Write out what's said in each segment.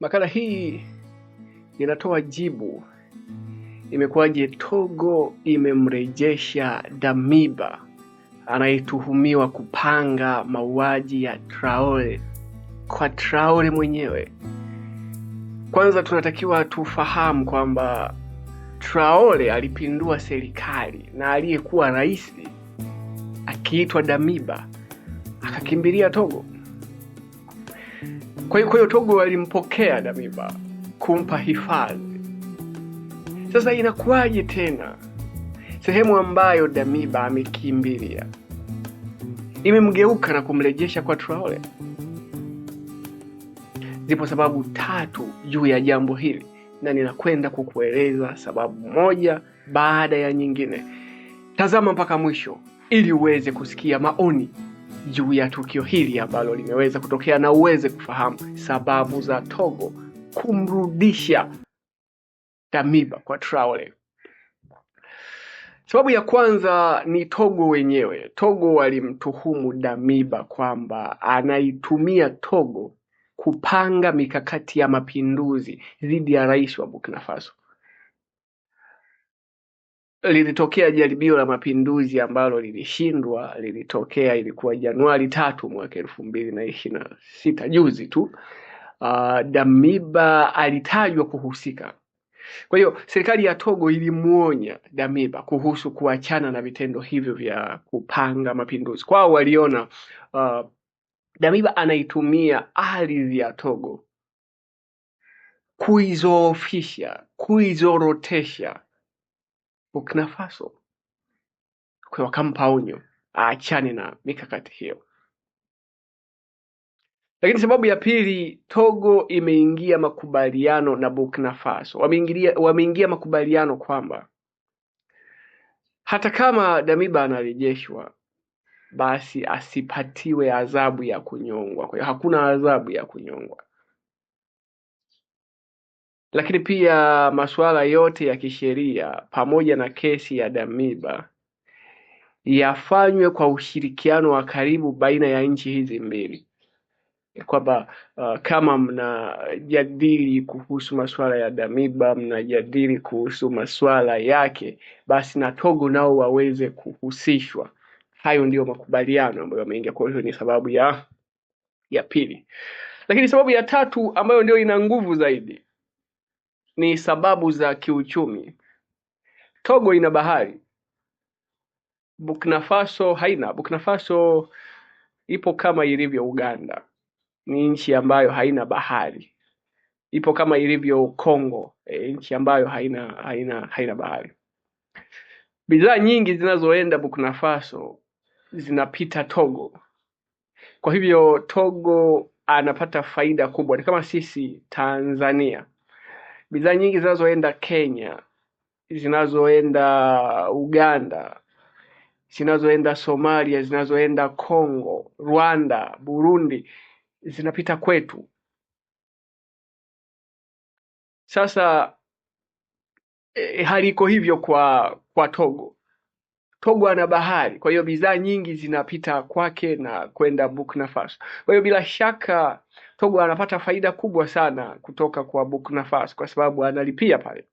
Makala hii inatoa jibu, imekuwaje Togo imemrejesha Damiba anayetuhumiwa kupanga mauaji ya Traore kwa Traore mwenyewe? Kwanza tunatakiwa tufahamu kwamba Traore alipindua serikali na aliyekuwa rais akiitwa Damiba akakimbilia Togo. Kwa hiyo Togo walimpokea Damiba kumpa hifadhi. Sasa inakuwaje tena sehemu ambayo Damiba amekimbilia imemgeuka na kumrejesha kwa Traore? Zipo sababu tatu juu ya jambo hili na ninakwenda kukueleza sababu moja baada ya nyingine. Tazama mpaka mwisho ili uweze kusikia maoni juu ya tukio hili ambalo limeweza kutokea na uweze kufahamu sababu za Togo kumrudisha Damiba kwa Traore. Sababu ya kwanza ni Togo wenyewe. Togo walimtuhumu Damiba kwamba anaitumia Togo kupanga mikakati ya mapinduzi dhidi ya rais wa Burkina Faso lilitokea jaribio la mapinduzi ambalo lilishindwa, lilitokea ilikuwa Januari tatu mwaka elfu mbili na ishirini na sita juzi tu. Uh, Damiba alitajwa kuhusika. Kwa hiyo serikali ya Togo ilimwonya Damiba kuhusu kuachana na vitendo hivyo vya kupanga mapinduzi. Kwao waliona uh, Damiba anaitumia ardhi ya Togo kuizoofisha, kuizorotesha Burkina Faso kwa wakampa onyo aachane na mikakati hiyo. Lakini sababu ya pili, Togo imeingia makubaliano na Burkina Faso, wameingia wameingia makubaliano kwamba hata kama Damiba anarejeshwa basi asipatiwe adhabu ya kunyongwa. Kwa hiyo hakuna adhabu ya kunyongwa. Lakini pia masuala yote ya kisheria pamoja na kesi ya Damiba yafanywe kwa ushirikiano wa karibu baina ya nchi hizi mbili, kwamba uh, kama mnajadili kuhusu masuala ya Damiba, mnajadili kuhusu masuala yake, basi na Togo nao waweze kuhusishwa. Hayo ndiyo makubaliano ambayo yameingia. Kwa hiyo ni sababu ya ya pili, lakini sababu ya tatu ambayo ndio ina nguvu zaidi ni sababu za kiuchumi. Togo ina bahari. Burkina Faso haina. Burkina Faso ipo kama ilivyo Uganda, ni nchi ambayo haina bahari. Ipo kama ilivyo Kongo, e, nchi ambayo haina haina haina bahari. Bidhaa nyingi zinazoenda Burkina Faso zinapita Togo, kwa hivyo Togo anapata faida kubwa, ni kama sisi Tanzania bidhaa nyingi zinazoenda Kenya, zinazoenda Uganda, zinazoenda Somalia, zinazoenda Kongo, Rwanda, Burundi zinapita kwetu. Sasa e, hali iko hivyo kwa kwa Togo. Togo ana bahari, kwa hiyo bidhaa nyingi zinapita kwake na kwenda Burkina Faso. Kwa hiyo bila shaka Togo anapata faida kubwa sana kutoka kwa Burkina Faso kwa sababu analipia pale.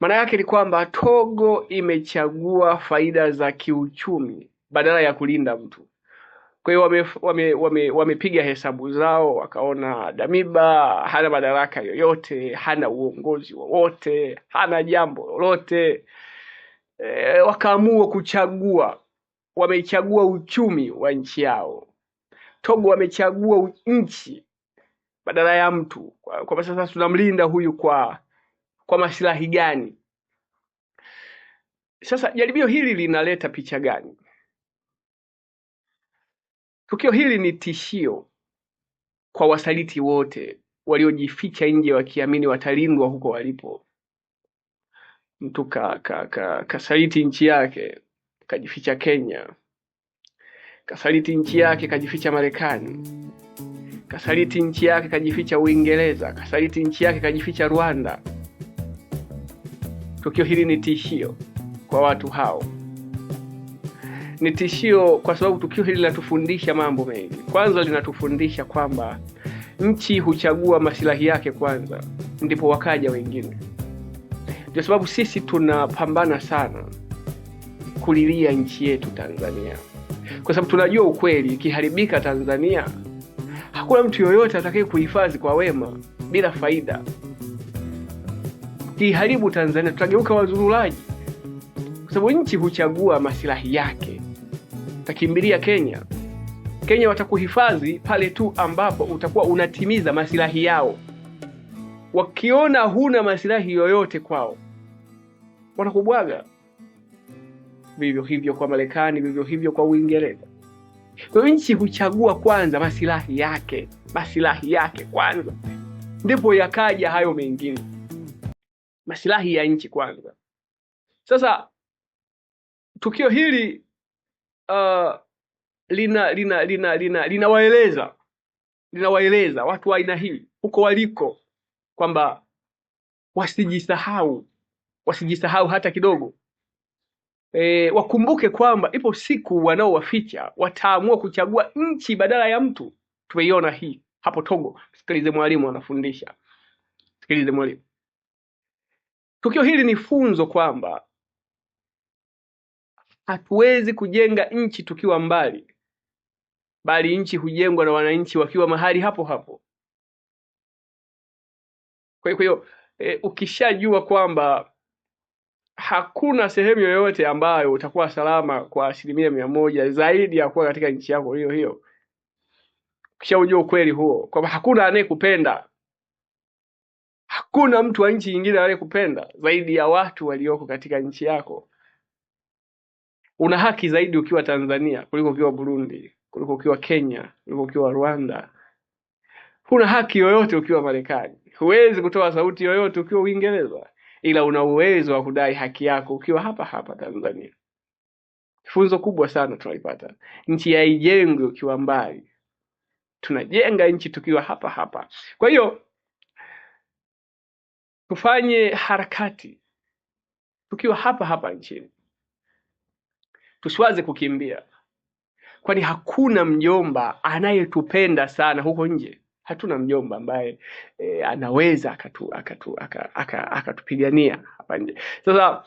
Maana yake ni kwamba Togo imechagua faida za kiuchumi badala ya kulinda mtu. Kwa hiyo wamepiga wame, wame, wame hesabu zao wakaona Damiba hana madaraka yoyote, hana uongozi wowote, hana jambo lolote e, wakaamua kuchagua. Wamechagua uchumi wa nchi yao. Togo wamechagua nchi badala ya mtu, kwamba sasa tunamlinda huyu kwa kwa masilahi gani? Sasa jaribio hili linaleta picha gani? Tukio hili ni tishio kwa wasaliti wote waliojificha nje wakiamini watalindwa huko walipo mtu ka, ka, ka, kasaliti nchi yake kajificha Kenya, kasaliti nchi yake mm. kajificha Marekani, kasaliti nchi yake kajificha Uingereza, kasaliti nchi yake kajificha Rwanda. Tukio hili ni tishio kwa watu hao, ni tishio kwa sababu tukio hili linatufundisha mambo mengi. Kwanza linatufundisha kwamba nchi huchagua masilahi yake kwanza, ndipo wakaja wengine. Ndio sababu sisi tunapambana sana kulilia nchi yetu Tanzania, kwa sababu tunajua ukweli, ikiharibika Tanzania hakuna mtu yoyote atakaye kuhifadhi kwa wema bila faida. kiharibu Tanzania tutageuka wazurulaji, kwa sababu nchi huchagua masilahi yake. Utakimbilia Kenya, Kenya watakuhifadhi pale tu ambapo utakuwa unatimiza masilahi yao wakiona huna masilahi yoyote kwao wanakubwaga. Vivyo hivyo kwa Marekani, vivyo hivyo kwa Uingereza. Kwa nchi huchagua kwanza masilahi yake, masilahi yake kwanza, ndipo yakaja hayo mengine, masilahi ya nchi kwanza. Sasa tukio hili uh, lina lina lina linawaeleza lina linawaeleza watu wa aina hii huko waliko kwamba wasijisahau, wasijisahau hata kidogo. E, wakumbuke kwamba ipo siku wanaowaficha wataamua kuchagua nchi badala ya mtu. Tumeiona hii hapo Togo. Sikilize mwalimu anafundisha, sikilize mwalimu. Tukio hili ni funzo kwamba hatuwezi kujenga nchi tukiwa mbali, bali nchi hujengwa na wananchi wakiwa mahali hapo hapo. Kwa hiyo e, ukishajua kwamba hakuna sehemu yoyote ambayo utakuwa salama kwa asilimia mia moja zaidi ya kuwa katika nchi yako hiyo hiyo, ukishaujua ukweli huo kwamba hakuna anayekupenda, hakuna mtu wa nchi nyingine anayekupenda zaidi ya watu walioko katika nchi yako, una haki zaidi ukiwa Tanzania kuliko ukiwa Burundi, kuliko ukiwa Kenya, kuliko ukiwa Rwanda. Huna haki yoyote ukiwa Marekani. Huwezi kutoa sauti yoyote ukiwa Uingereza, ila una uwezo wa kudai haki yako ukiwa hapa hapa Tanzania. Funzo kubwa sana tunaipata, nchi yaijengwe ukiwa mbali, tunajenga nchi tukiwa hapa hapa. Kwa hiyo tufanye harakati tukiwa hapa hapa nchini, tusiwaze kukimbia, kwani hakuna mjomba anayetupenda sana huko nje hatuna mjomba ambaye e, anaweza akatupigania akatu, akatu, akatu hapa nje. Sasa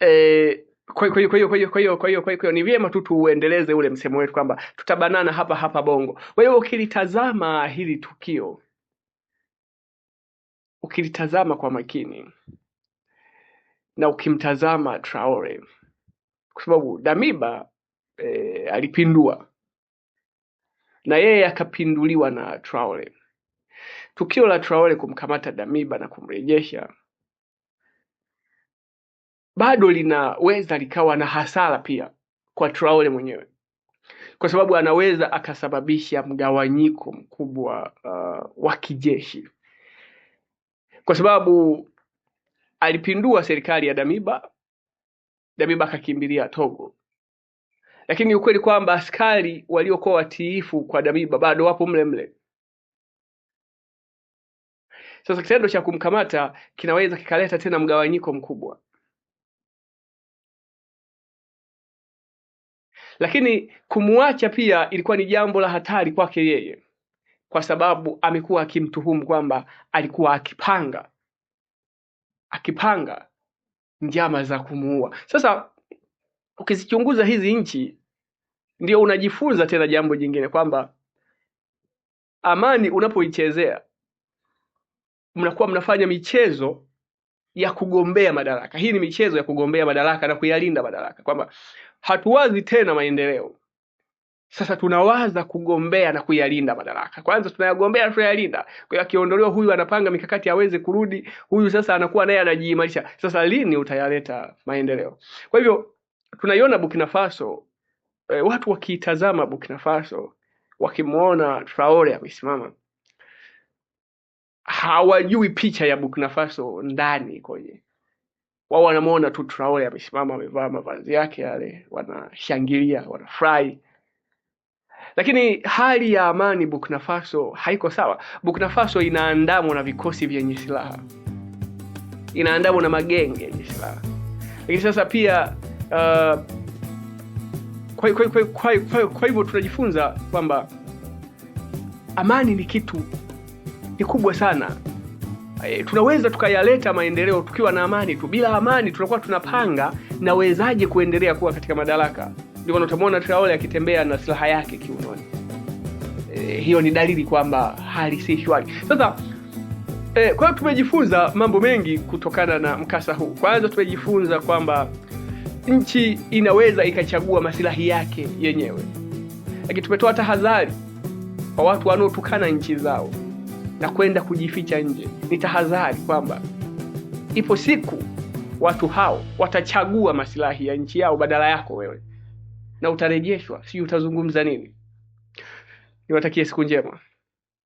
e, kwa hiyo ni vyema tu tuuendeleze ule msemo wetu kwamba tutabanana hapa hapa Bongo. Kwa hiyo ukilitazama hili tukio, ukilitazama kwa makini na ukimtazama Traore, kwa sababu Damiba e, alipindua na yeye akapinduliwa na Traore. Tukio la Traore kumkamata Damiba na kumrejesha bado linaweza likawa na hasara pia kwa Traore mwenyewe, kwa sababu anaweza akasababisha mgawanyiko mkubwa uh, wa kijeshi, kwa sababu alipindua serikali ya Damiba. Damiba akakimbilia Togo, lakini ukweli kwamba askari waliokuwa watiifu kwa Damiba bado wapo mle mle. Sasa kitendo cha kumkamata kinaweza kikaleta tena mgawanyiko mkubwa. Lakini kumwacha pia ilikuwa ni jambo la hatari kwake yeye, kwa sababu amekuwa akimtuhumu kwamba alikuwa akipanga akipanga njama za kumuua. Sasa ukizichunguza hizi nchi ndio unajifunza tena jambo jingine kwamba amani unapoichezea mnakuwa mnafanya michezo ya kugombea madaraka. Hii ni michezo ya kugombea madaraka na kuyalinda madaraka, kwamba hatuwazi tena maendeleo, sasa tunawaza kugombea na kuyalinda madaraka. Kwanza tunayagombea, na tunayalinda. Kwa hiyo akiondolewa huyu, anapanga mikakati aweze kurudi huyu, sasa anakuwa naye anajiimarisha. Sasa lini utayaleta maendeleo? Kwa hivyo tunaiona Burkina Faso eh, watu wakiitazama Burkina Faso wakimwona Traore amesimama hawajui picha ya Burkina Faso ndani kwenye Wao wanamwona tu Traore amesimama amevaa mavazi yake yale, wanashangilia wanafurahi, lakini hali ya amani Burkina Faso haiko sawa. Burkina Faso inaandamwa na vikosi vyenye silaha, inaandamwa na magenge yenye silaha, lakini sasa pia uh, kwa, kwa, kwa, kwa, kwa, kwa hivyo tunajifunza kwamba amani ni kitu kikubwa sana. E, tunaweza tukayaleta maendeleo tukiwa na amani tu. Bila amani tunakuwa tunapanga nawezaje kuendelea kuwa katika madaraka. Ndio maana utamwona Traore akitembea na silaha yake kiunoni. E, hiyo ni dalili kwamba hali si shwari. Sasa e, kwa hiyo tumejifunza mambo mengi kutokana na mkasa huu. Kwanza tumejifunza kwamba nchi inaweza ikachagua masilahi yake yenyewe, lakini tumetoa tahadhari kwa watu wanaotukana nchi zao na kwenda kujificha nje. Ni tahadhari kwamba ipo siku watu hao watachagua masilahi ya nchi yao badala yako wewe, na utarejeshwa, sijui utazungumza nini. Niwatakie siku njema.